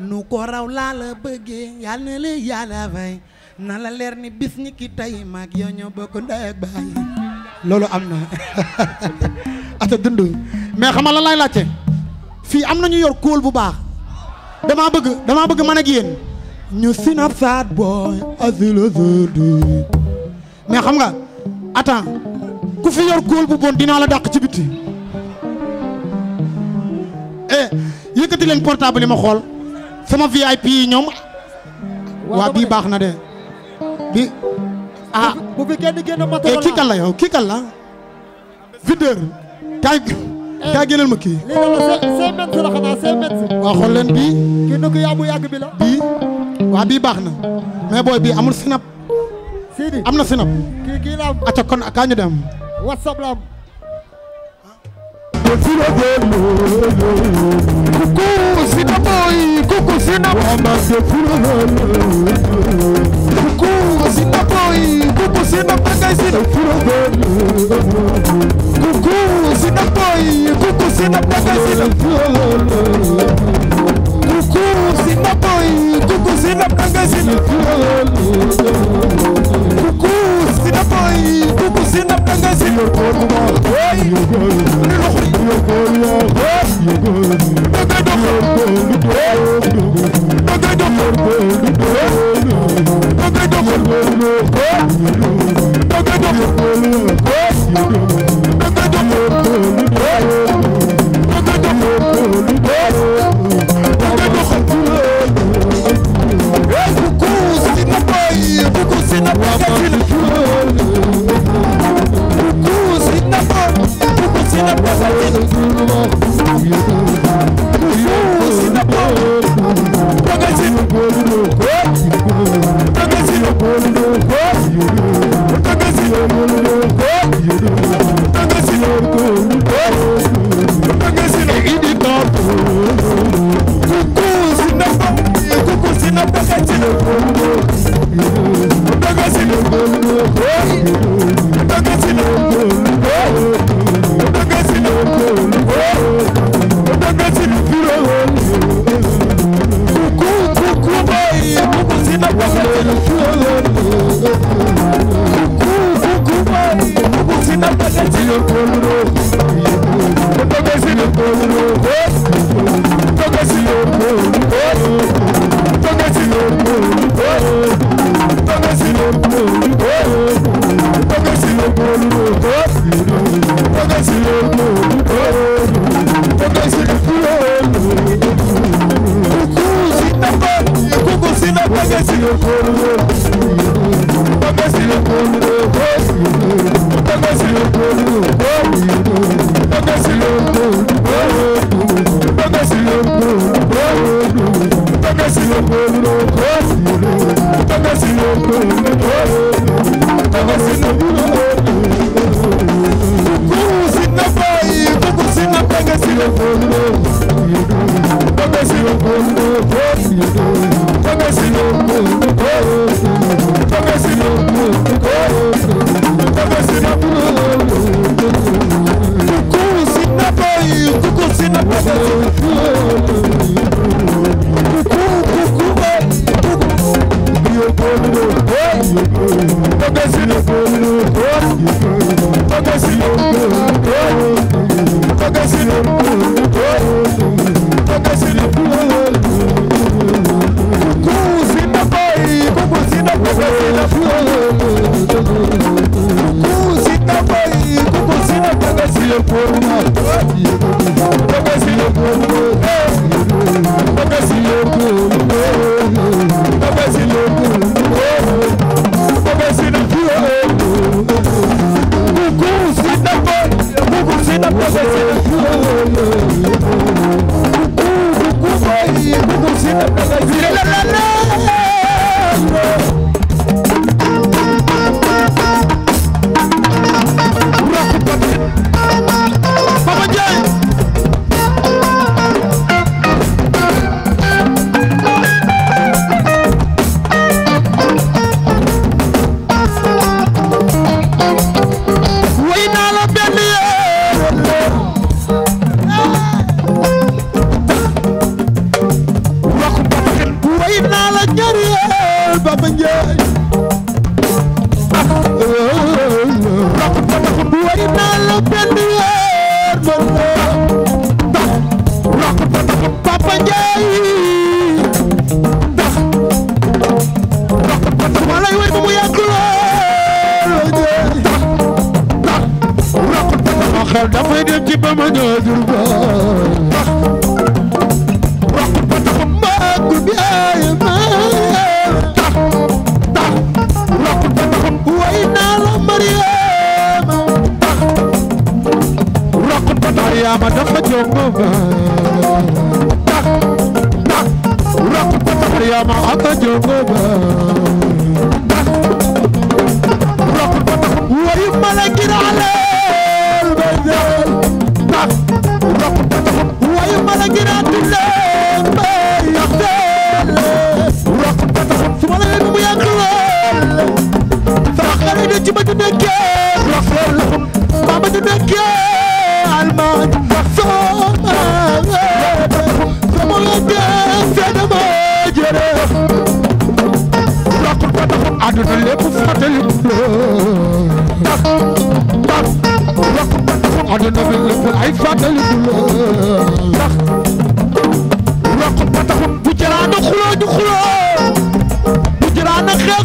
nu ko raw laa la bëggee yal na la yàlla fay na la leer ni bis ñi ki tey maag yow ñoo bokk ndey ak baay loolu am na ata dund mais xam nga lan laay laajte fii am na ñu yor kóol bu baax damaa bëgg damaa bëgg man ak yéen ñu sinap saat xam nga attends ku fi yor góol bu bon dinaa la dàq ci biti eh yëkkati leen portable yi ma xool sama VIP yi ñoom. waaw bii baax na de bi ah bu fi kenn génn matériel kii kan yow kii kan la. videur kaay eh, kaay génneel ma kii. lii xool leen bii. yàgg bi la. bii waaw bii baax na mais booy bii amul sinap. sii am na sinap. kii kii acca kon kaa ñu dem. Kukuzina boy, kukuzina Kukuzina boy, kukuzina pagaisina Kukuzina boy, kukuzina pagaisina Kukuzina boy, kukuzina pagaisina Kukuzina sina boy buku sina danga sina koduma boy loxo yogolo daga doxo daga doxo daga doxo daga doxo daga doxo Buku sina boy, buku sina danga sina Papa,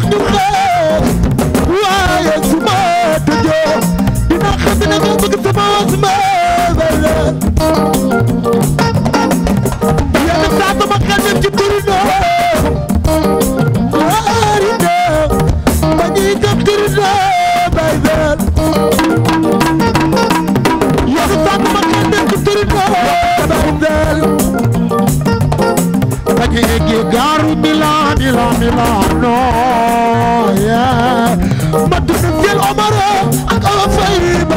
wax du xeex waaye su ma tëjee dina xam ne ma bëgg sama sama wala yàlla saa sama xel dem ci bëri na bëri na ma ñuy def bëri na bay bel yàlla saa sama xel dem ci bëri na bay bel ma ñuy yëggee gaaru Milan Milan Milan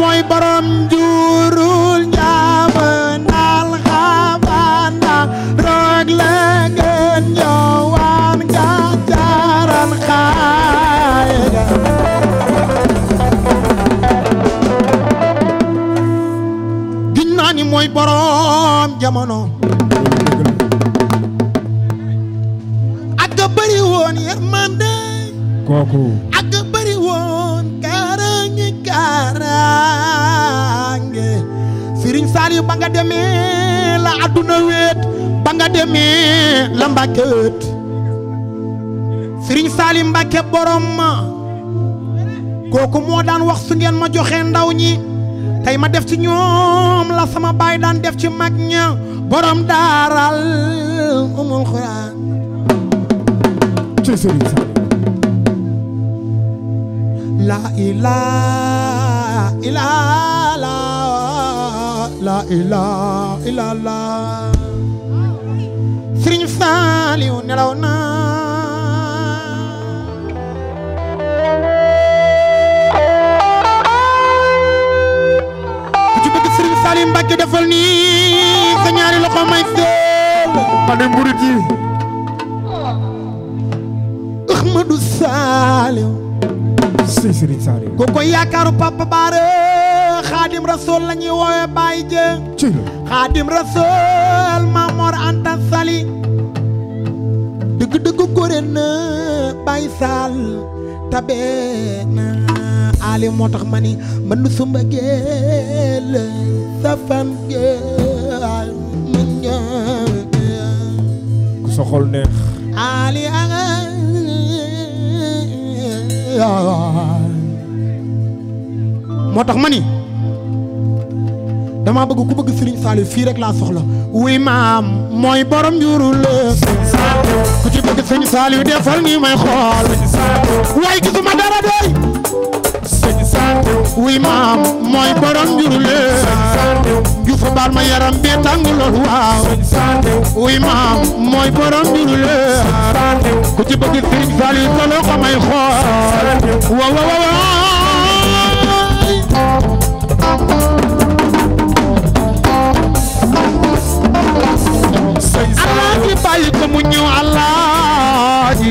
mooy borom njurul njaaba naal xabaana roog la gën ñëwaan nga jaaral xaaye ga giñ naa ni mooy borom jamono ak ga woon yërmande ba nga demee la àdduna wéet ba nga demee la Mbàkke wéet Sëriñ Mbàkke borom ma kooku moo daan wax ngeen ma joxee ndaw ñi tey ma def ci ñoom la sama baay daan def ci mag ña borom daaral umul xuraan la ilaha illallah Serigne Saliou nelaw na ku ci bëgg Serigne Saliou Mbacké defal nii sa ñaari loxo may seel ma dem murid yi Ahmadou Saliou si Serigne Saliou kooku Papa Bara xaadim rasool la ñuy woowee Baye xaadim rasool Mamor Anta Sali dëgg-dëgg góore na Baye Sall na Ali moo tax ma ni man du sumba geel sa fan geel mën ku sa xol neex Ali anga moo tax ma ni dama bëgg ku bëgg Serigne Saliou fii rek laa soxla wuy maam mooy borom juru la ku ci bëgg Serigne Saliou defal nii may xool waaye gisuma dara doy wuy maam mooy borom maam mooy borom juru la ku ci bëgg Serigne Saliou solo ko may xool waaw waaw waaw bàyyi ko mu ñëw alaaji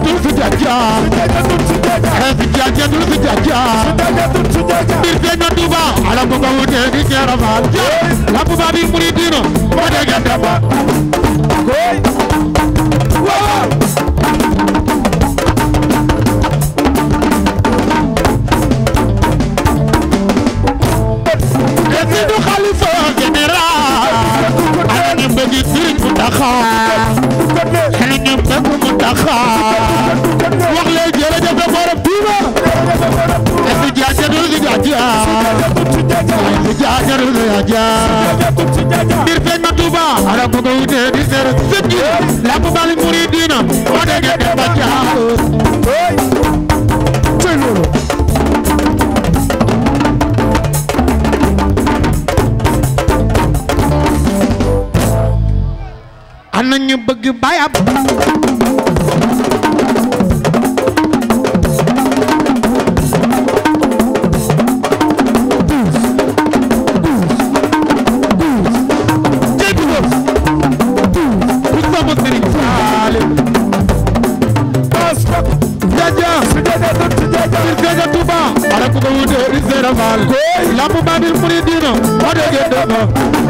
dul fi jaja fi jaja dul fi jaja mbir feeñ na Tuuba ala bu ba wute gi keera faal la bu ba bi muridino ba dege daba koy waaw ete du xalifa général ala ñu bëgg Sëriñ Muntaxa ala ñu bëgg Muntaxa bir feeñ ma Touba ala ko gow te di ser set gi la ko bal muridina o de ge de ba ja oy tey loolu am na ñu bëgg bayab gën a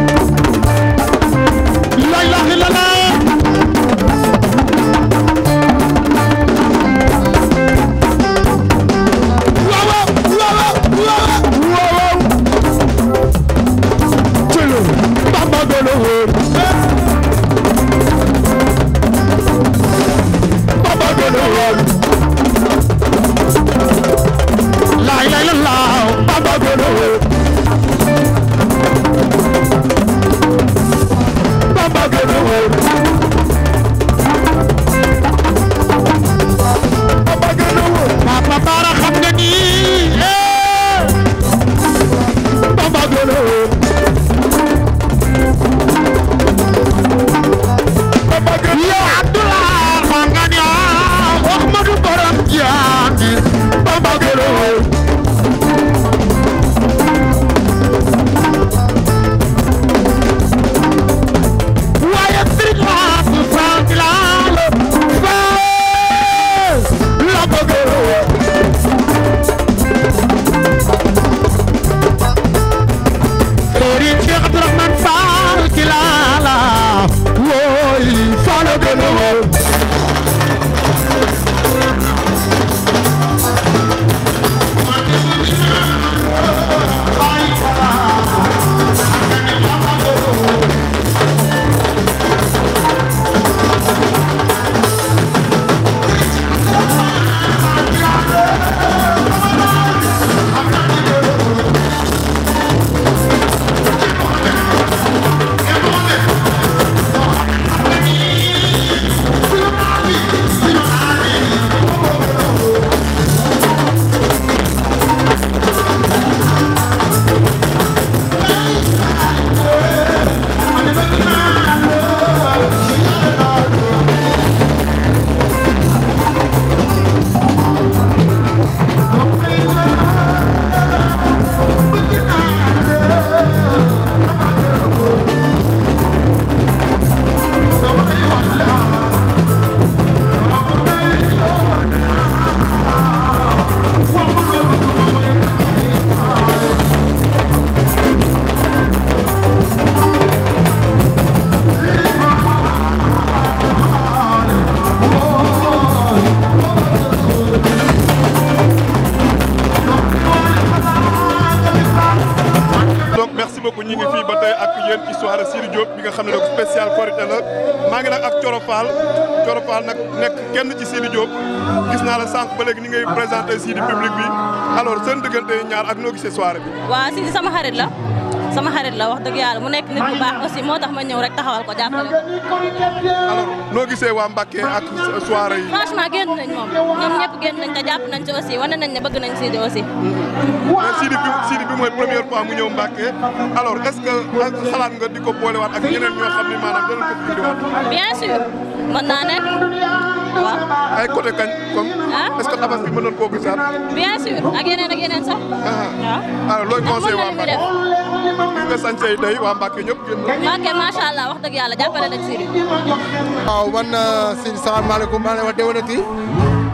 si soirée sama xarit la sama xarit la wax dëgg yàlla mu nekk nit bu baax aussi moo tax ma ñëw rek taxawal ko jàppale ko. alors noo gisee waa Mbacké ak soirée yi. franchement génn nañ moom ñoom ñëpp génn nañ te jàpp nañ ci aussi wane nañ ne bëgg nañ Sidy aussi. mais Sidy bi Sidy bi mooy première fois mu ñëw Mbacké alors di ko boolewaat ak ñeneen ñoo xam ne maanaam danañ ko fi indiwaat. bien sûr mën waaw ay côté kañ comme. que tabaski bi mënoon koo gisaat. bien sûr ak yeneen ak yeneen sax. Ah. waaw alors ah, looy conseil waa Mbacke gis nga sañ say day waa Mbacke ñëpp génn. Mbacke macha waaw man euh, Sidi salaamaaleykum maa ngi lay wax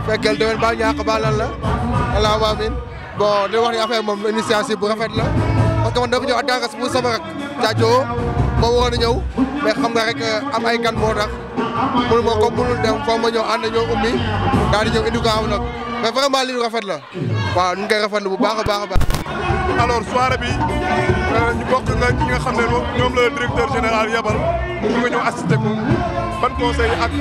fekkeel déwén baal ñàkk baal lan la allah wa amiin bon wax ni affaire moom initiative bu rafet la parce que man dama ñëw ak gàncax bu sama rek caajo boo waroon a ñëw xam nga rek euh, am ay gan moo tax. pour ma ko munul dem foo ma ñëw ànd ñoo ummi daal di ñëw indi ko am nag mais vraiment li ñu rafet la waaw ñu ngi koy rafetlu bu baax a baax a baax. alors soirée bi euh, ñu bokk nag ñi nga xam ne ñoom la directeur général yabal ñu nga ñëw assisté ban conseil ak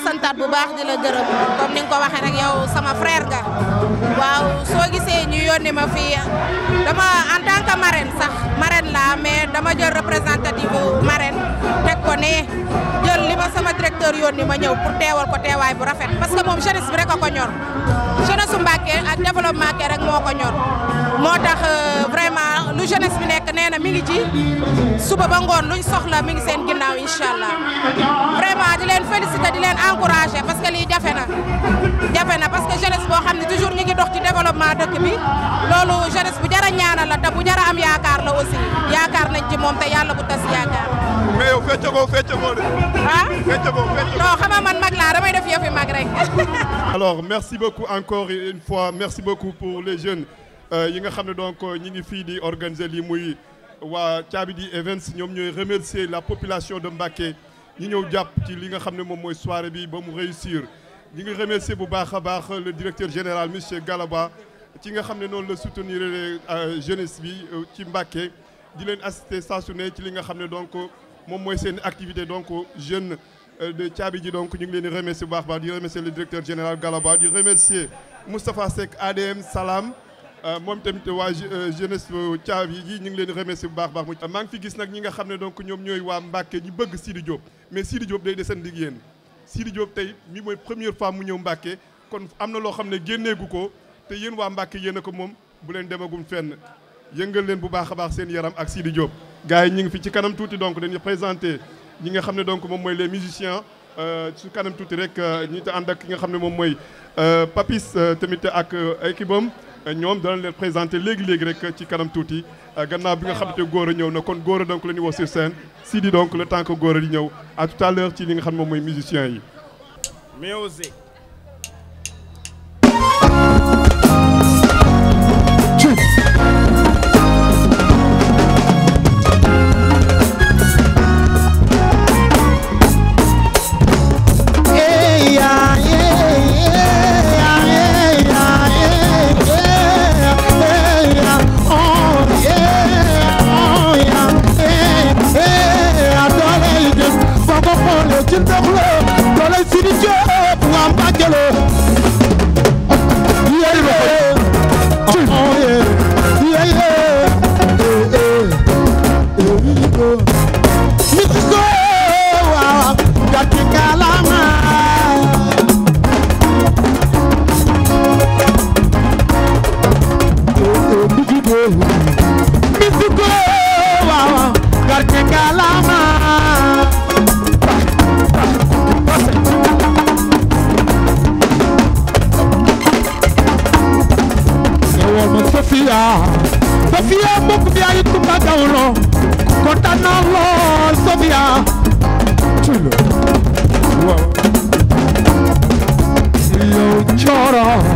santaat bu baax la gërëm comme ni nga ko waxee rek yow sama frère nga waaw soo gisee ñu yónnee ma fii dama en tant sax marraine laa mais dama jël représentative marraine teg ko ne jël li ma sama. recteur yónni ma ñëw pour teewal ko teewaay bu rafet parce que moom jeunesse bi rek a ko ñor jeunesse su Mbacké ak ke rek moo ko ñor moo tax euh, vraiment lu jeunesse bi nekk nee na mi ngi ci suba ba ngoon luñ soxla mi ngi seen ginnaaw incha allah vraiment di leen féliciter di leen encourager parce que li jafe na jafe na parce que jeunesse boo xam ne toujours ñu ngi dox ci développement dëkk bi loolu jeunesse bu jara ñaanal la te bu jara am yaakaar la aussi yaakaar nañ ci moom te yàlla non xam mag laa damay def yëfi mag rek. alors merci beaucoup encore une fois merci beaucoup pour les jeunes euh, yi nga xam ne donc euh, ñi ngi fii di organiser lii muy waa caabi Thiamidi Events ñoom ñooy remercier la population de Mbacké ñi ñëw jàpp ci li nga xam ne moom mooy soirée bi ba mu réussir. ñi ngi remercier bu baax a baax le directeur général monsieur Galaba ci nga xam ne noonu la soutenir euh, jeunes bi ci Mbacké di leen assister saa ci li nga xam ne donc moom mooy seen activité donc jeune. Euh, de caabi ji donc ñu ngi leen di remercier bu baax baax di remercier le directeur général Galaba di remercier Moustapha Seck ADM Salam euh, moom tamit waa euh, jeunesse caabi ji ñu ngi leen di remercier bu baax baax mu maa ngi fi gis nag ñi nga xam ne donc ñoom ñooy waa Mbacke ñu bëgg Sidi Diop mais Sidi Diop day desandi ak yéen Sidi Diop tey mi mooy première fois mu ñëw Mbacke kon am na loo xam ne génneegu ko te yéen waa Mbacke yéen a ko moom bu leen demagum fenn yëngal leen bu baax a baax seen yaram ak Sidi Diop gars yi ñu ngi ci kanam tuuti donc dañuy présenté ñi nga xam ne donc moom mooy les musiciens euh, ci kanam tuuti rek euh, ñu te ànd ak ki nga xam ne moom mooy euh, Papis tamit ak équipe am ñoom danañ leen présenter léegi léegi rek ci kanam tuuti gannaaw bi nga xam te góor a ñëw na kon góor a donc la ñuy woo sur scène Sidi donc le temps que góor a di ñëw à tout ci li nga xam ne moom mooy musiciens yi. Finition yaa Sofia mbokk bi ay Kumba Gawlo kontaan naa lool Sofia tulo waaw yow cooro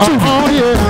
Oh, oh yeah.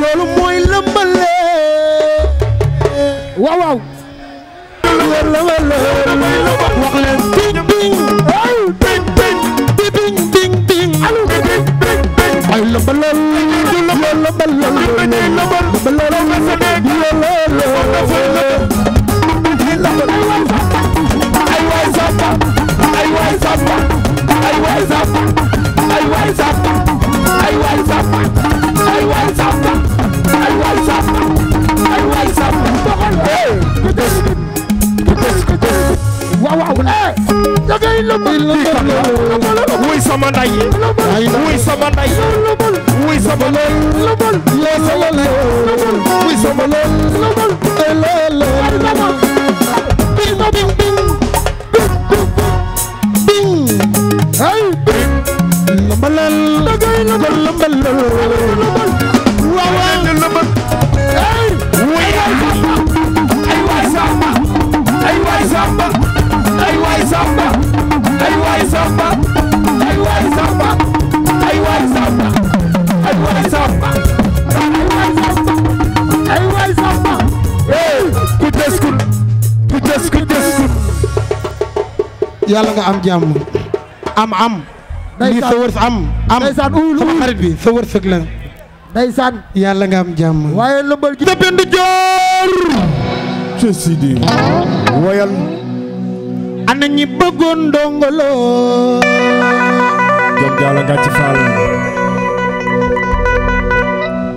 loolu mooy lëmbale waaw waaw sabaloon. sabal. yaa yàlla nga am jàmm am am. lii sa wërs am am ndeysaan uul uul xarit bi sa wërsëg la. ndeysaan yàlla nga am jàmm. waaye lëmbal gi. dëppend joor. ca Sidi. woyal. ana ñi bëggoon ndongolo. jom jaala nga ci faal.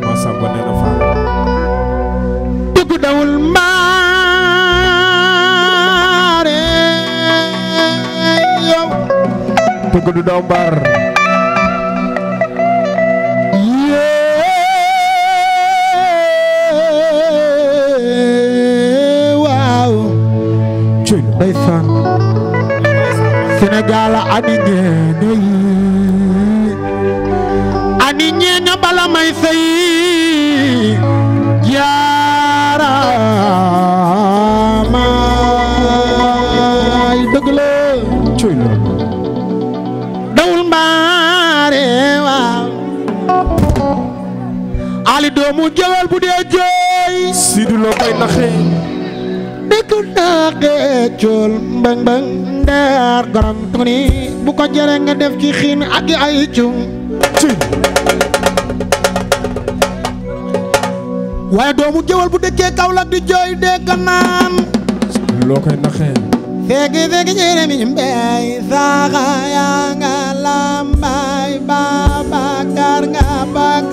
maa sàmm dawul maa. tëgg du daw mbaar yee waaw cuy ndeysaan Sénégal ani ñeeña yi ani ñeeña bala may sey jaara doomu jëwal bu dee jooy Sidy Lo koy naxe bu ko jëlee nga def ci xiin ak ay cung ci waaye doomu jëwal bu dëkkee Kaolack di jooy dégg naan loo koy naxee feegi feegi ñeene mi mbey saaxa yaa nga lambaay Babacar nga bak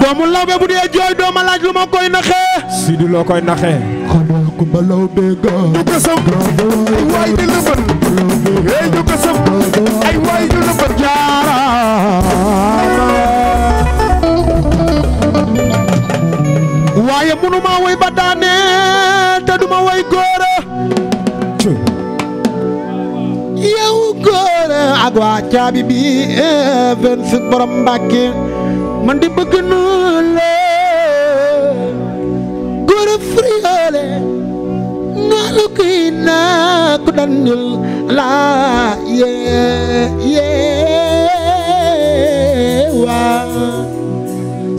doomu lawbe bu dee jooy dooma laaj lu ma koy naxee. Sidi loo koy naxee. ay waay ñu la bët. eh ñu waaye munu woy ba te du ma woy góora. yow góora ak waa caabi bi eh, vingt borom Mbàkke. man di bëgg naa la góor a friyoole naa naa ku daan ñul laa yee yee waaw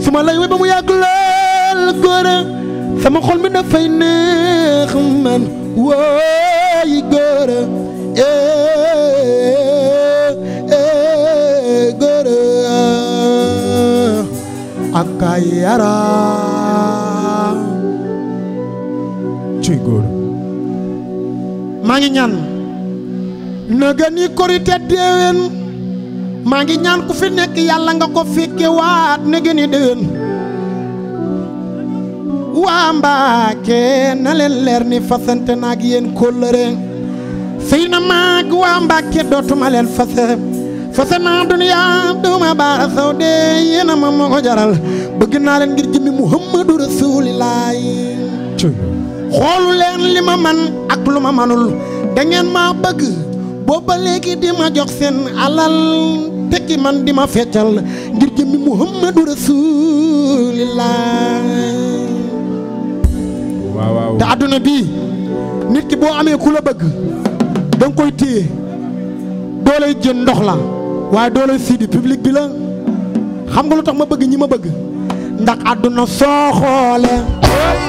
su ma lay woy ba mu yàgg lool góor a sama xol mi dafay neex man wooy góor a eh. akayara maa ngi ñaan na gën yi korite déwén maa ngi ñaan ku fi nekk yàlla nga ko fekke waat na yi déwén waa Mbaake na leen leer ni fasante naa ak yéen kóllëre sëy na maag waa Mbaake dootuma leen fase fase naa duniyaa duma baara saw dee yéena ma moo ko jaral bëgg naa leen ngir jëmmi muhammadu rasuulillaahi xoolu leen li ma man ak lu ma manul dangeen maa bëgg booba léegi di ma jox seen alal tekki man di ma feccal ngir jëmmi muhammadu rasuulillaahi te àdduna bii nit ki boo amee ku la bëgg danga koy téye doo lay jën ndox la waaye doole Sidy public bi la xam nga lu tax ma bëgg ñi ma bëgg ndax àdduna soo xoole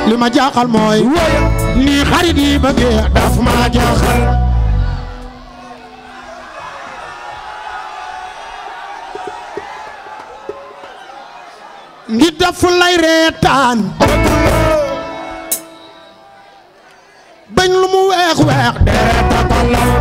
li ma jaaxal mooy nii xarit yi bëggee daf ma jaaxal ngi daf lay reetaan bañ lu mu weex weex dereeta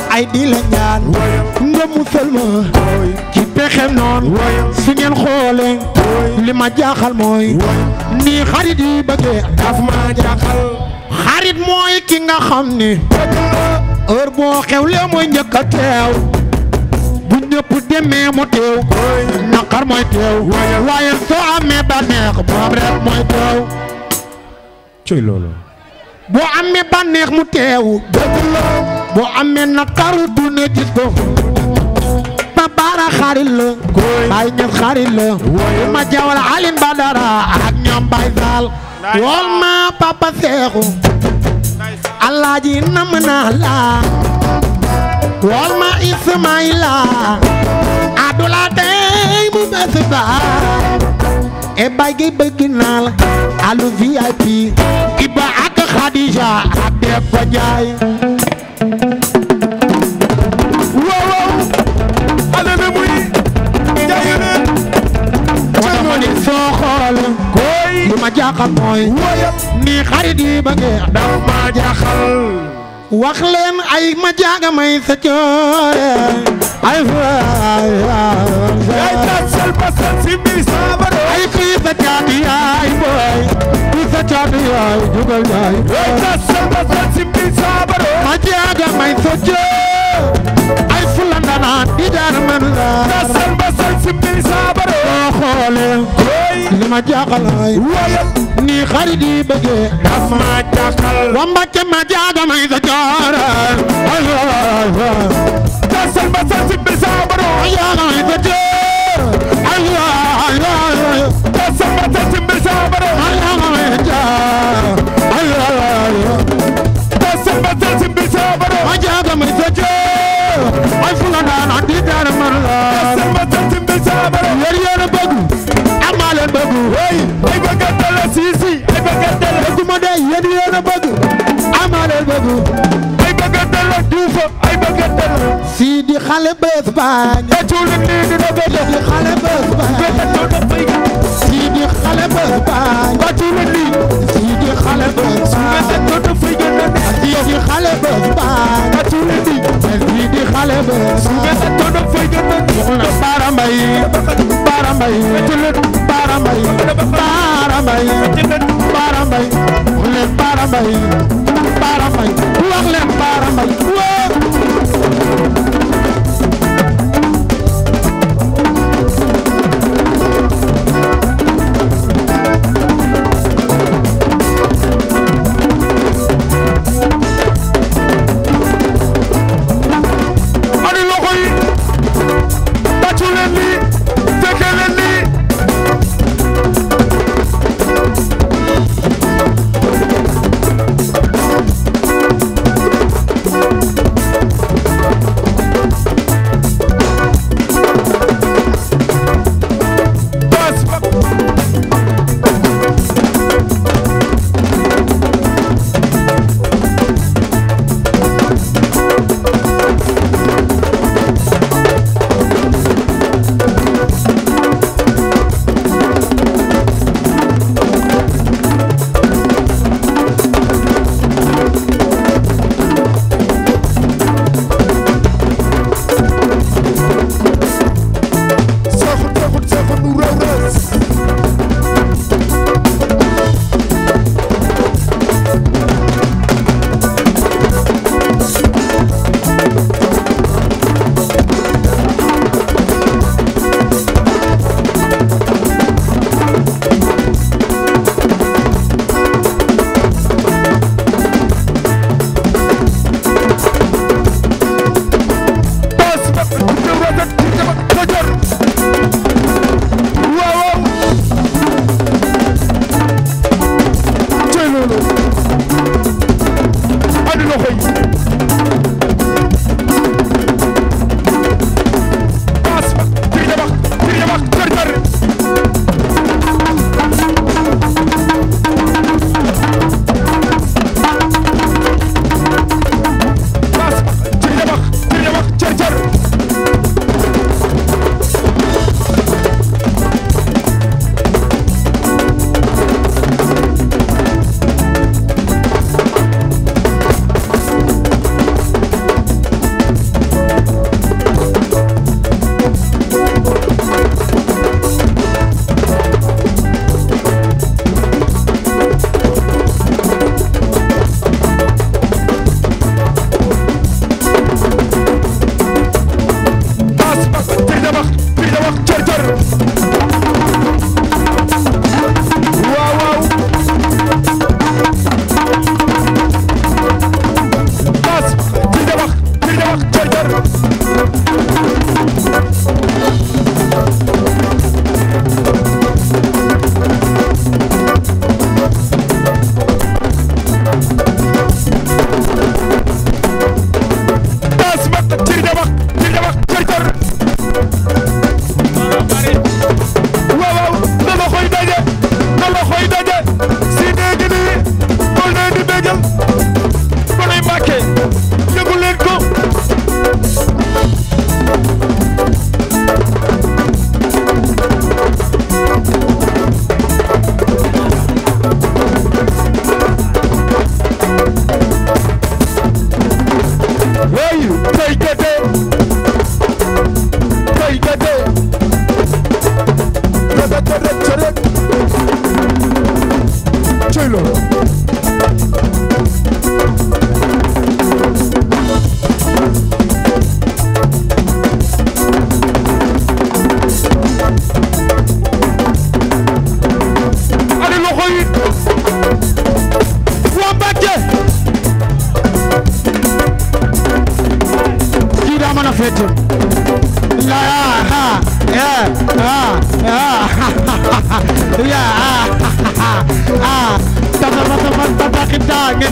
ay di la ñaan nga musal ma ci pexem noon su ngeen xoolee li ma jaaxal mooy nii xarit yi bëggee daf ma jaaxal xarit mooy ki nga xam ni heure boo xewlee mooy njëkk a teew bu ñëpp demee mu teew naqar mooy waaye soo amee bànneex moom rek mooy teew coy loolu boo amee bànneex mu teew dëgg la boo amee na taru du ne gis ba baara xarit la bàyyi ñëpp xarit la woyu ma jawal Alin Badara ak ñoom Baay Faal wool ma papa seexu alaaji nam naa la wool ma Ismaïla adula tey mu bés ba e bay gi bëgg naa la alu VIP Iba ak Khadija ak Debba Njaay jaaxal mooy ni xarit yi ba ngee daw ma jaaxal wax leen ay ma jaaga may sa coore ay waay ay tassal basal si biir saaba ay kii sa caati yaay booy kii sa caati jugal yaay ay tassal basal si biir saaba aji adamay sojo ay fulanda naan di jaar man la gasal basal si biir saabare boo xoolee li ma jaaxal ay ni xarit yi bëggee daf ma jaaxal wa mbàkke ma ji adamay sojo ay gasal basal si biir saabare boo xoolee li ma jaaxal ay yéen yéen a bëgg am naa leen bëgg way ay bëggante la si si ay bëggante la bëgguma de yéen yéen a am naa leen bëgg ay bëggante la ay bëggante la xale ba Espagne etuli nii xale ba Espagne si di xale ba Bara Mbay Bara Mbay Bara Mbay Bara Mbay Bara Mbay leen Bara Mbay Bara Mbay wax leen Bara Mbay ah ah ah sama sama sama ngene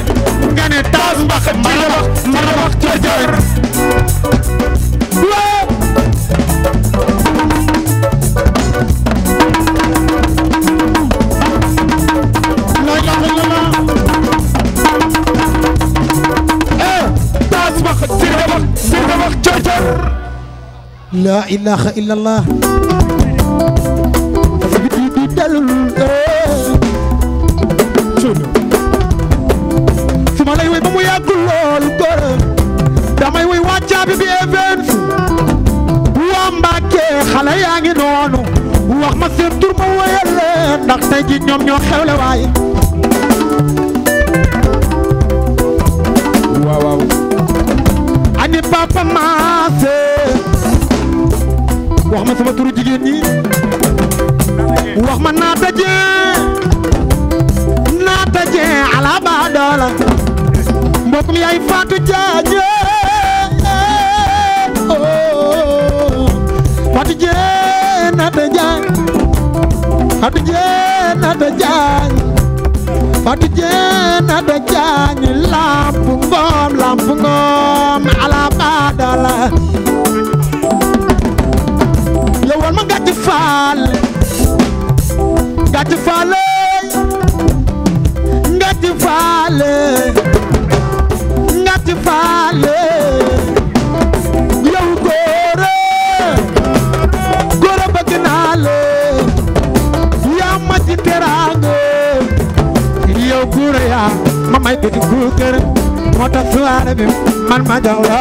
ngene taas mbax ci wax ci wax laa ilaaha illallah ma lay woy ba mu yàgg lool góor damay woy waa caabi bi event waa Mbàkke xale yaa ngi noonu wax ma seen tur ma woyal leen ndax tey ji ñoom ñoo xewle waaye jigéen ñi wax ma naa daje naa daje ala ba doola mbokk mi yaay Fatou Diagne oh, Fatou Diagne naa daje Fatou Diagne naa daje Fatou Diagne naa daje lamp ngoom lamp ngoom ala ba doola faal gàcc faale eh. gàcc faale eh. gàcc faale eh. yow góor góor bëgg ma ci teraanga yow góor yaa ma may gëj góor moo tax soirée bi man ma jox la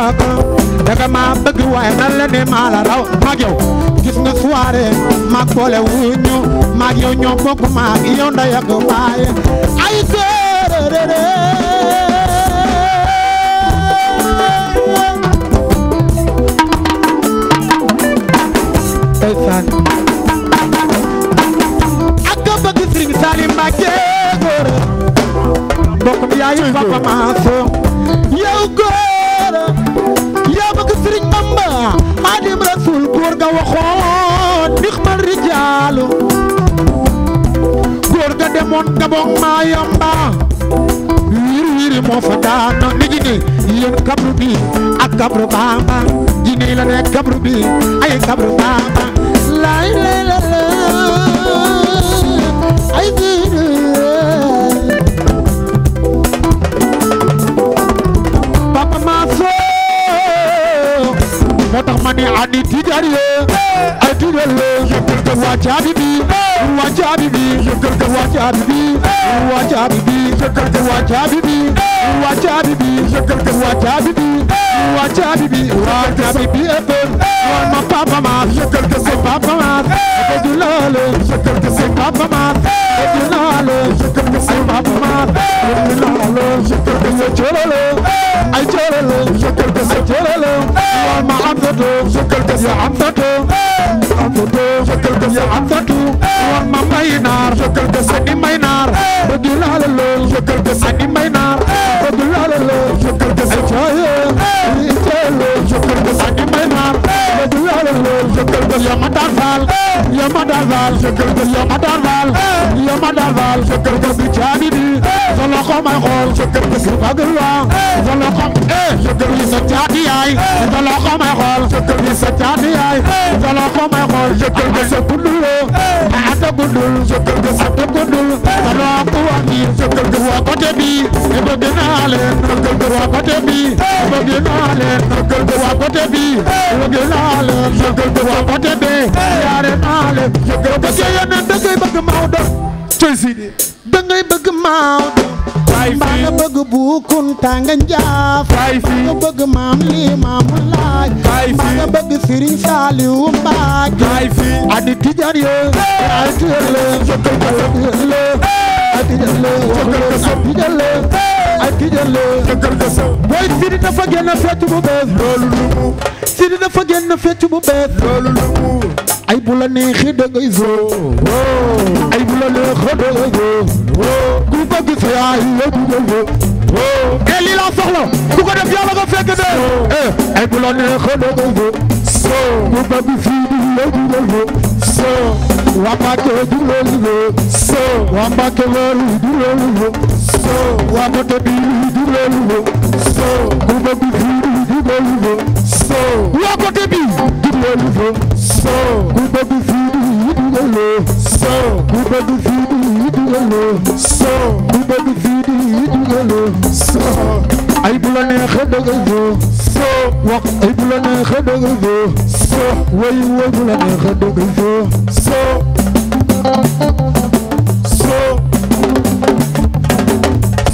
daga ma bëgg waaye nan la ne maa la raw maag yow gis nga soirée maag boole wuñu maag yow ñoo bokk maag yow nda yàgg ay séeréeré ndeysaan yaayu Papa Mansour yow góor yaa bëgg sëriñ Bamba Xaadim Rasuul góor ga waxoon nixmal rijaalu góor ga demoon Gabon maa yomba wiir wiiri moo fa daanoon ni jini yéen kabru bi ak kabru Bamba jini la nekk kabru bi ay kabru Bamba laay laay tax ma ne ani tijaar yee ay tijaar yee yëgal ga waa caabi bi waa caabi bi yëgal ga waa caabi bi waa caabi bi yëgal ga waa caabi bi waa caabi bi yëgal ga waa caabi bi waa caabi bi waa caabi bi woon ma Papa Mar yëgal ko seen Papa Mar bëgg naa la yëgal ko seen Papa Mar bëgg naa la yëgal ko seen Papa Mar bëgg naa la yëgal ko seen Thiololo ay Thiololo yëgal ko seen Thiololo woon ma Amsatou yëgal ko seen Amsatou Amsatou yëgal ko seen Amsatou woon ma Mbaye Naar yëgal ko seen Mbaye Naar bëgg naa la lool yëgal ko seen Mbaye Naar bëgg naa la lool yëgal ko seen Thiololo yëgal ko seen Mataar Faal yow ma daal baal sa kër ga yow ma daal baal yow ma daal baal sa kër ga bi caabi bi sa loxo may xool sa kër ga sa bagal wa sa loxo sa kër gi sa caati yaay sa loxo may xool sa kër gi sa caati yaay sa loxo may xool sa kër ga sa gundul a ata gundul sa kër ga sa gundul sa loxo wa ni sa kër ga wa côté bi e bëgg naa leen sa kër ga wa côté bi e bëgg naa leen sa kër ga wa côté bi bëgg naa leen sa kër ga wa côté bi yaare naa boole yow da bëgg Maodo coy Sidi da ngay bëgg Maodo mbaa nga bëgg bu Kunta nga njaaf mbaa nga bëgg maam lii maamu laaj mbaa nga bëgg Serigne Saliou Mbacké adi tijaan yee ay tijaan la jokkal ko la tijaan la jokkal ko ak ki jël la kër ga saw booy Sidi dafa génn fecc bu bees loolu lu mu Sidi dafa génn fecc bu bees loolu lu mu ay la neexee da ngay zoo ay bu la neexee da ku ko gis yaay la dugal ko te ku ko def yàlla nga fekk de eh, ay bu la neexee da ngay zoo ku ko so wambake dulolulo so wambake loru dulolulo so wambake biru dulolulo so gubogu firu dulolulo so wakote bi dulolulo so gubogu firu dulolulo so gubogu firu dulolulo so gubogu firu dulolulo so ay bu la neexee dëggal foo soo wax ay bu la neexee dëggal foo soo wayu way bu la neexee dëggal foo soo soo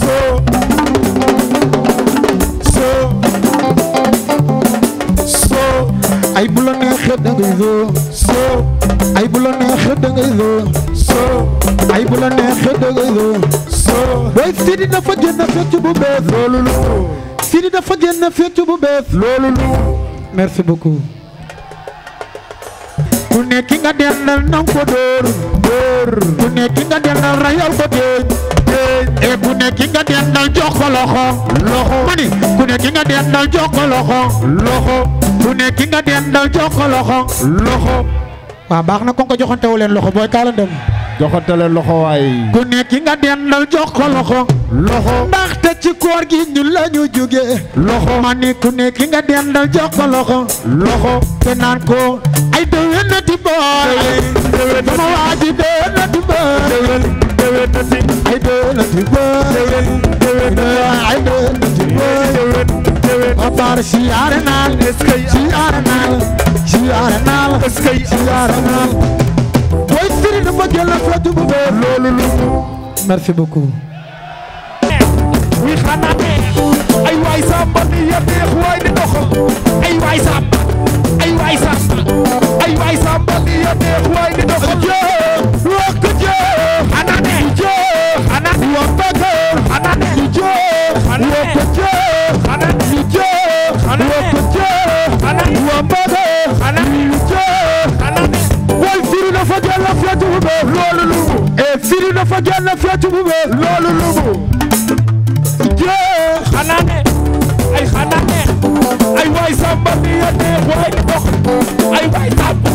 soo soo soo ay bu la neexee dëggal foo soo ay bu la neexee dëggal foo soo ay bu la neexee dëggal foo booy dafa génn fecc beaucoup ku ne ki nga dendal nang ko dóor dóor ku ne nga dendal rayal ko déej déej eh, ku ne nga dendal jox ko loxo loxo mani ku ne nga dendal jox ko loxo waaw baax na ko ko joxantewu leen loxo booy kaala dem joxante leen loxo waay ku nekk ki nga dendal jox ko loxo loxo ndaxte ci koor gi ñun la jóge loxo ma ni ku nekk nga dendal jox ko loxo loxo te naan ko ay déwénati booy sama waa ji déwénati booy ay déwénati booy ay déwénati booy siyaara naa la est-ce que siyaara naa la booy siri dafa jël na sa jubu bee loolu lu merci beaucoup wi xanaa ne ay waay saam ba ni ya neex waay di dox ay waay saam ay waay saam ay waay saam ba ni ya neex waay di dox jëf wakk jëf xanaa ne jëf xanaa ne wakk jëf xanaa ne jëf wakk jëf xanaa ne jëf wakk wambade lujo wal na fa jël na bu be loolu lumu e firi na fa na fetu bu be loolu lumu je xanaa ne ay xanaa ne ay waay samba bi ya ne waay dox ay waay samba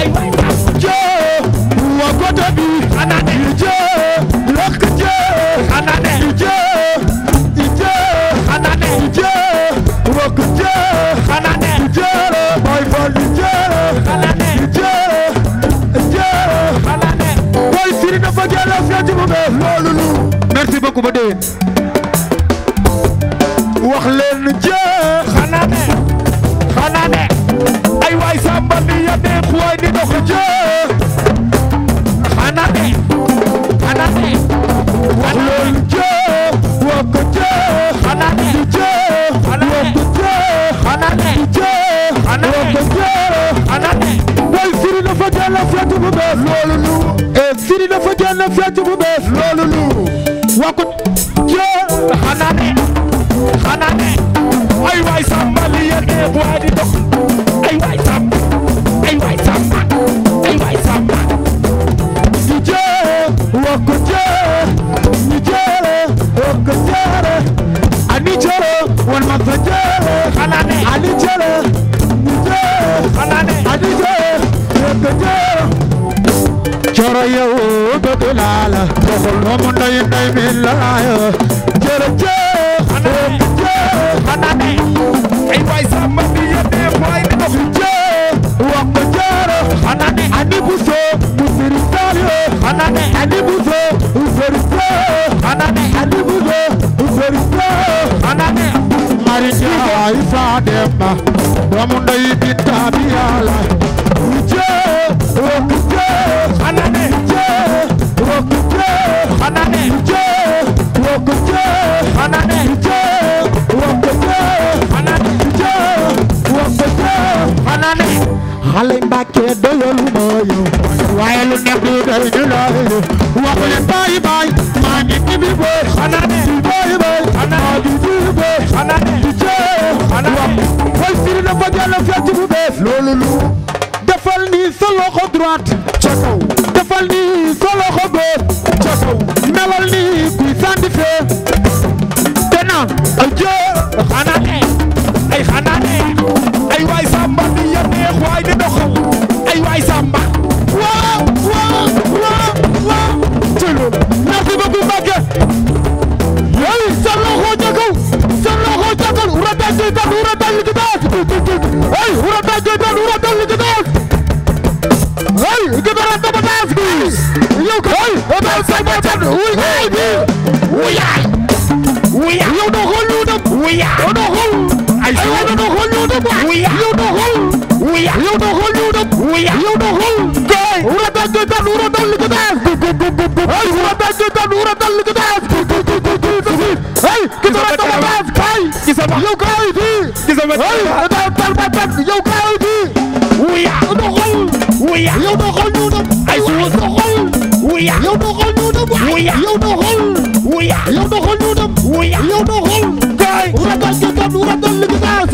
ay waay samba je Merci beaucoup, Bodé. yonent bu bees lu wakut jee xanaa ne xanaa ne ay waay sàmba li bu waay di dox coro yow dootu laa la doxul moomu ndoyi ndoy mi laa ya jërëjëf jërëjëf xanaa ne ay waay sama bi yéene mooy di dox jëf wax ko jërëf xanaa ne ani bu soo mu siri taal yo xanaa ne ani bu soo mu siri taal xanaa ne ani bu soo mu siri taal xanaa ne mari jaay saa dem ba doomu ndoyi bi taabi yàlla xale Mbàkke doyalu ma yow waaye lu nekk lu doy ñu la yow waxu leen bàyyi bàyyi maa ngi ci bi boy xanaa ne ci boy boy xanaa di ci boy xanaa ne ci jëw xanaa ne koy siri na ko jàll fecc bu bees loolu lu sa loxo droite ca kaw defal nii sa loxo gauche ca kaw melal nii kuy sànni fee te naan ay jee xanaa ne ay xanaa ne ay waay sàmba ni ya neex waay di doxal ay waay sàmba waaw waaw waaw waaw ci loolu merci beaucoup Mbacke yow sa loxo ca kaw sa loxo ca kaw ura dajee dal ura dajee dal ay ura dajee dal ura Boys. yow kay bay bay bay bay wuy yaay bi wuy yaay. wuy yaay yow doo xool lu dem. wuy yaay yow doo xool. ay yow doo xool lu dem. wuy yaay yow doo xool. wuy yaay yow doo xool lu dem. wuy yaay yow doo xool. tey wura dal di dal wura dal di ko def. ay wura dal di dal wura dal di ko def. ay ki dara dama def kay. gisama yow kay fii. gisama ay dal dal ba dal yow kay fii. wuy yaay yow doo xool. wuy yaay yow doo xool lu dem. ay suuf wuya yow doxal ñu dem wuya yow doxal wuya yow doxal ñu dem wuya yow doxal kay urabat ke tan urabat le gaz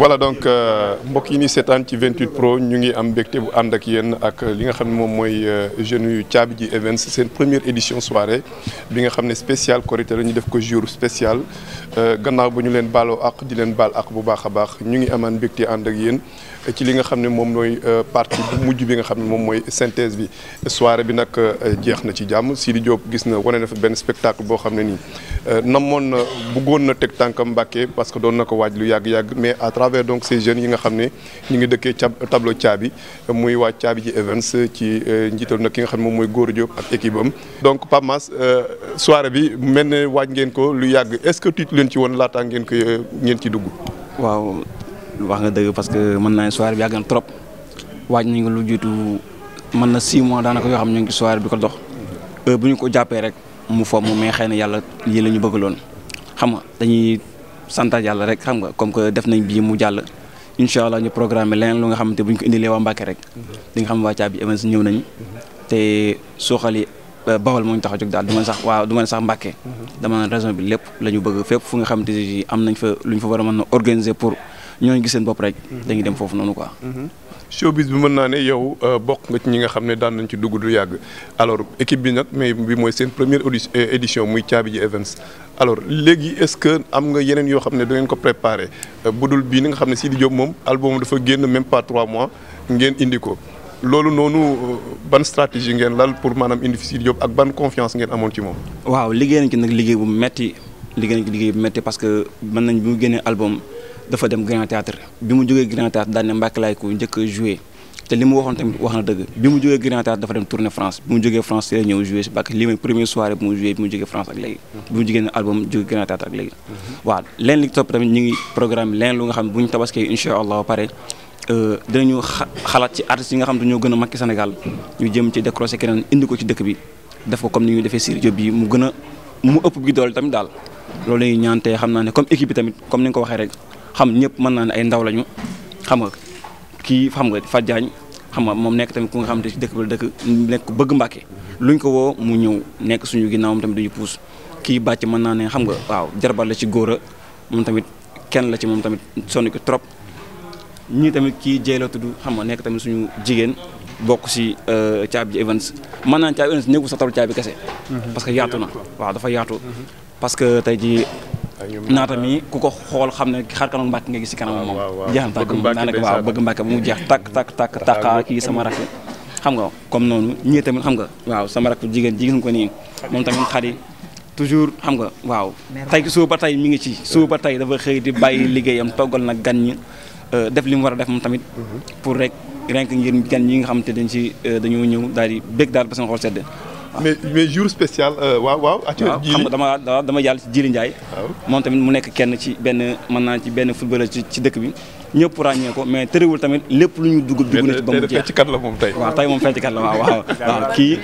wala donc euh, mbokk yi ni seetaan ci 28 pro ñu ngi am mbégte bu ànd ak yéen ak li nga xam ne moom mooy euh, jeunes yu caabi ji events seen première édition soirée bi nga xam ne spécial Korité la ñu def ko jour spécial euh, gannaaw ba ñu leen baalo ak di leen baal ak bu baax a baax ñu ngi amaan mbégte ànd ak yéen ci li nga xam ne moom mooy euh, partie bu mujj bi nga xam ne moom mooy synthèse bi soirée bi nag euh, jeex na ci jàmm di Diop gis na wane na fa benn spectacle boo xam ne nii euh, moon na bëggoon na teg tànkam Mbàkke parce que doon na ko waaj lu yàgg-yàgg mais à travers donc ces jeunes yi nga xam ne ñu ngi dëkkee ca tableau caabi muy waa caabi ji events ci njiital nag ki nga xam ne moom mooy Góor Diop ak équipe am donc Pape Mass soirée bi mel ne waaj ngeen ko lu yàgg est-ce que tiitu leen ci woon laataa ngeen ko ngeen ci dugg wax nga dëgg parce que mën naa ne bi yàgg na trop waaj nañ ko lu jiitu mën na 6 mois daanaka yoo xam ñu ngi soirée bi ko dox heure bu ñu ko jàppee rek mu fomm mais xëy na yàlla lii la ñu bëggaloon xam nga dañuy santaat yàlla rek xam nga mu jàll incha allah ñu programmé leneen lu nga bu ñu ko indilee waa Mbàkke rek di xam waa Caabi te suuxali euh, bawal moo a jóg daal du ma sax waaw du ma sax Mbàkke dama naan raison bi lépp la ñu bëgg fépp am nañ fa lu ñu fa war a mën a organiser pour ñooñu gis seen bopp rek. Mhm. dañuy dem foofu noonu quoi. Mhm. showbiz bi mën naa ne yow euh, bokk nga ci ñi nga xam ne daan nañ ci dugg du yàgg alors équipe bi nag mais bi mooy seen première euh, édition muy caabi ji events alors léegi est-ce que am nga yeneen yoo xam ne da ngeen ko préparé euh, bu dul bii ni nga xam ne Sidi Diop moom album dafa génn même pas trois mois ngeen indi ko loolu noonu ban stratégie ngeen lal pour maanaam indi fi Sidi Diop ak ban confiance ngeen amoon ci moom. waaw liggéey nañ ci nag liggéey metti liggéey nañ que mën nañ bu mu dafa dem Grand Théâtre bi mu jógee Grand Théâtre daan ne Mbacké laay ko njëkk a te li mu waxoon tamit wax na dëgg bi mu jógee Grand Théâtre dafa dem tournée France bi mu jógee France see ñëw joué si Mbacké lii mooy première soirée bi mu joué bi mu jógee France ak léegi bi mu jógee album jógee Grand ak léegi mhm. waaw leen li topp tamit ñu ngi programme leen lu nga xam ne bu ñu tabaskee incha allah pare euh, dinañu xalaat ci artistes yi nga xam ne ñoo gën a makki Sénégal ñu jëm ci décroché keneen indi ko ci dëkk bi def ko comme ni defee Sidy Diop bi mu gën a mu ëpp bi doole tamit daal loolu naa ne comme équipe tamit comme ni nga ko waxee rek xam ñëpp mën naa ne ay ndaw lañu xam nga kii xam nga Fat Diagne xam nga moom nekk tamit ku nga xam ne ci dëkk ba dëkk nekk bëgg lu luñ ko woo mu ñëw nekk suñu ginnaawam tamit duñu puus kii bàcc man naa ne xam nga waaw jarbaat la ci góor moom tamit kenn la ci moom tamit sonn ko trop ñii tamit kii jéy la tudd xam nga nekk tamit suñu jigéen bokk si euh, caabi ji Evans mën naa ne caabi Evans nekkul sa talu caabi kese mhm. parce que yaatu na waaw dafa yaatu parce que ji naata mi ku ko xool xam ne xar kanam Mbàkke nga gis si kanam moom ah, jeexal tàkk daanaka waaw bëgg Mbàkke bu mu jeex tàkk tàkk tàkk ah, tàkka kii sama rakk xam nga comme noonu ñii tamit xam nga waaw sama rakk jigéen ji ko nii moom tamit xar yi toujours xam nga waaw tey suba ba tey mi ngi ci suba ba tey dafa xëy di bàyyi liggéeyam toggal nag gan ñi euh, def li mu war a def moom tamit mhm. pour rek rien que ngir gan ñi nga xam te dañ ci euh, dañoo ñëw daal di bég daal ba seen xool sedd mais mais jour spécial waaw waaw. waaw nga dama dama jàll ci Djily Ndiaye. moom tamit mu nekk kenn ci benn mën naa ci benn footballeur ci ci dëkk bi. ñëpp ràññee ko mais tërëwul tamit lépp lu ñu dugg dugg na ci ba mu jeex tey. waaw moom fecckat la kii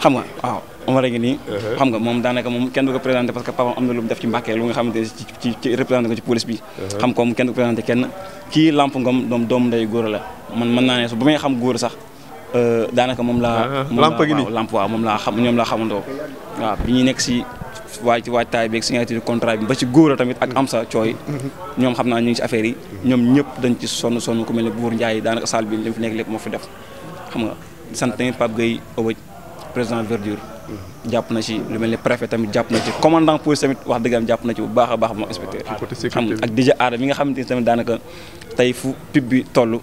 xam nga waaw. Omar a ngi nii xam nga moom daanaka moom kenn du ko présenté parce que papa am na lu mu def ci Mbàkke lu nga xamante ne ci ci représenté ko ci police bi xam ko kenn du ko présenté kenn kii Lamp Ngom doom doom nday góor la man naa ne xam góor sax Euh, daanaka moom laa. Ah, ah. lamp gi lamp waaw moom laa xam ñoom laa xamandoo. waaw bi ñu nekk si waaj waajtaay beeg signature contrat bi ba ci góor a tamit ak Amsa Cooy. ñoom xam naa ñu ngi si affaire yi. ñoom ñëpp dañ ci sonn sonn ku mel ne Buur Njaay daanaka saal bi li mu fi nekk lépp moo fi def xam nga sant tamit Pape Gueye Owëj président Verdure. jàpp na ci lu mel ni préfet tamit jàpp na ci commandant police tamit wax dëgg am jàpp na ci bu baax a baax moom inspecteur ah, xam ak déjà aada mi nga xamante ni tamit daanaka tey fu pub bi toll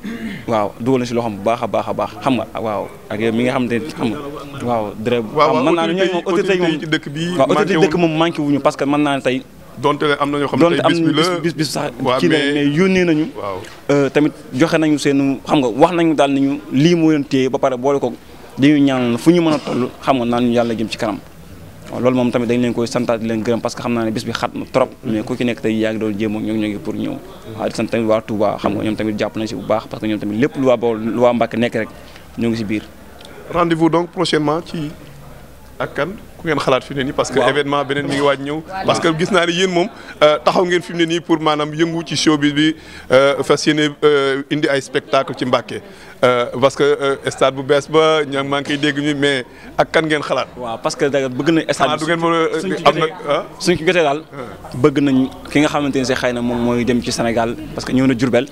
waaw dugal na ci loxoom bu baax a baax a baax xam nga waaw ak mi nga xamante ni xam nga waaw dërëb naa ne ñooñu moom autorité yi moom moom manqué wuñu parce que mën naa ne tey donte am na ñoo xam ne bi la bis bis sax nañ euh, tamit joxe nañu seen xam nga wax nañu daal ni ñu lii moo leen téye ba pare boole ko dañuy ñaanal fu ñu mën a toll xam nga naan ñu yàlla jëm ci kanam waaw loolu moom tamit dañ leen koy santaat di leen gërëm parce que xam naa ne bis bi xat na trop mais ku ci nekk tey yaa ngi doon jéem a ñoo ngi ñoo ngi pour ñëw waaw di sant tamit waa Touba xam nga ñoom tamit jàpp nañ si bu baax parce que ñoom tamit lépp lu waa Bawol lu waa Mbàkke nekk rek ñoo ngi si biir rendez-vous donc prochainement ci ak ku ngeen xalaat fi mu ne nii parce que événement beneen mi ngi waaj ñëw parce que gis naa ne yéen moom euh, taxaw ngeen fi mu ne nii pour maanaam yëngu ci showbiz bi euh, fas yéene euh, indi ay spectacle ci Mbàkke parce que stade bu bees ba ñaam maa ngi koy dégg ñi mais ak kan ngeen xalaat waaw parce que da bëgg nañ stade du ngeen am na ah? suñ ko jotee daal bëgg nañ ki nga xamante ne si xëy na moom mooy dem ci Sénégal parce que ñëw na Jurbel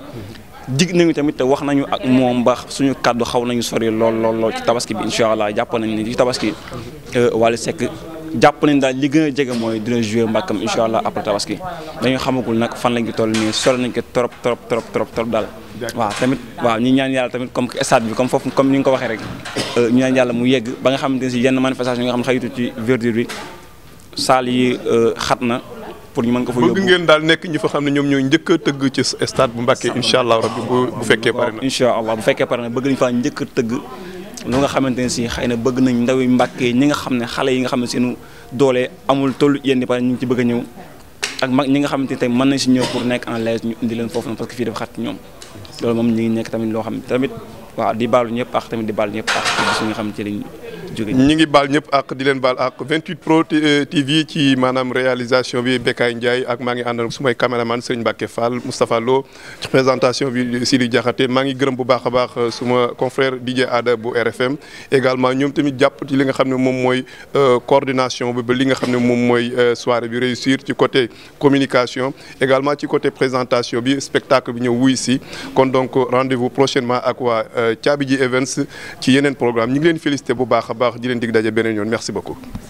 dig nañu tamit te wax nañu ak moom ba suñu kàddu xaw nañu sori lool lool lool ci tabaski bi incha allah jàpp nañ ni ci tabaski Euh, Wally Seck jàpp nañ daal li gën a jege mooy dina joué mbàkkam incha allah après tabaski dañu xamagul nag fan lañ ko toll nii sori nañ ko trop trop trop trop trop daal. waaw tamit waaw ñu ñaan yàlla tamit comme stade bi comme foofu comme ni nga ko waxee rek euh, ñu ñaan yàlla mu yegg ba nga xamante ne si yenn manifestation yi nga xam ne xayitu ci verdure euh, na. pour ñu ko fa daal nekk ñi fa xam ne ñoom ñooy njëkk a tëgg ci stade bu Mbacké incha allah rabbi bu fekkee pare na. incha fekkee pare bëgg nañ faa njëkk a tëgg lu nga xamante ne si xëy na bëgg nañ ndawi Mbàkke ñi nga xam ne xale yi nga xam ne seenu doole amul toll yenn pare ñu ngi ci bëgg a ñëw ak mag ñi nga xamante ne mën nañ si ñëw pour nekk en l'aise ñu indi leen foofu parce que fii dafa xat ñoom loolu moom ñi ngi nekk tamit loo xam tamit waaw di baalu ñëpp ak tamit di baal ñëpp ak bis yi nga xam ne ci jóge ngi baal ñëpp ak di leen baal ak 28 Pro TV euh, ci maanaam réalisation bi Bekay njaay ak maa ngi àndal sumay caméraman Serigne Mbacke Fall Moustapha Lo ci présentation bi Sidi Diakhaté maa ngi gërëm bu baax a baax euh, suma confrère DJ Ada bu RFM également ñoom tamit jàpp ci li nga xam ne moom mooy euh, coordination bi li nga xam ne moom mooy soirée bi réussir ci côté communication également ci coté présentation bi spectacle bi ñëw wuy si kon donc rendez-vous prochainement ak waa Thiaby Events ci yeneen programme ñu ngi leen félicité bu baax a baax di leen dig daje beneen yoon merci beaucoup.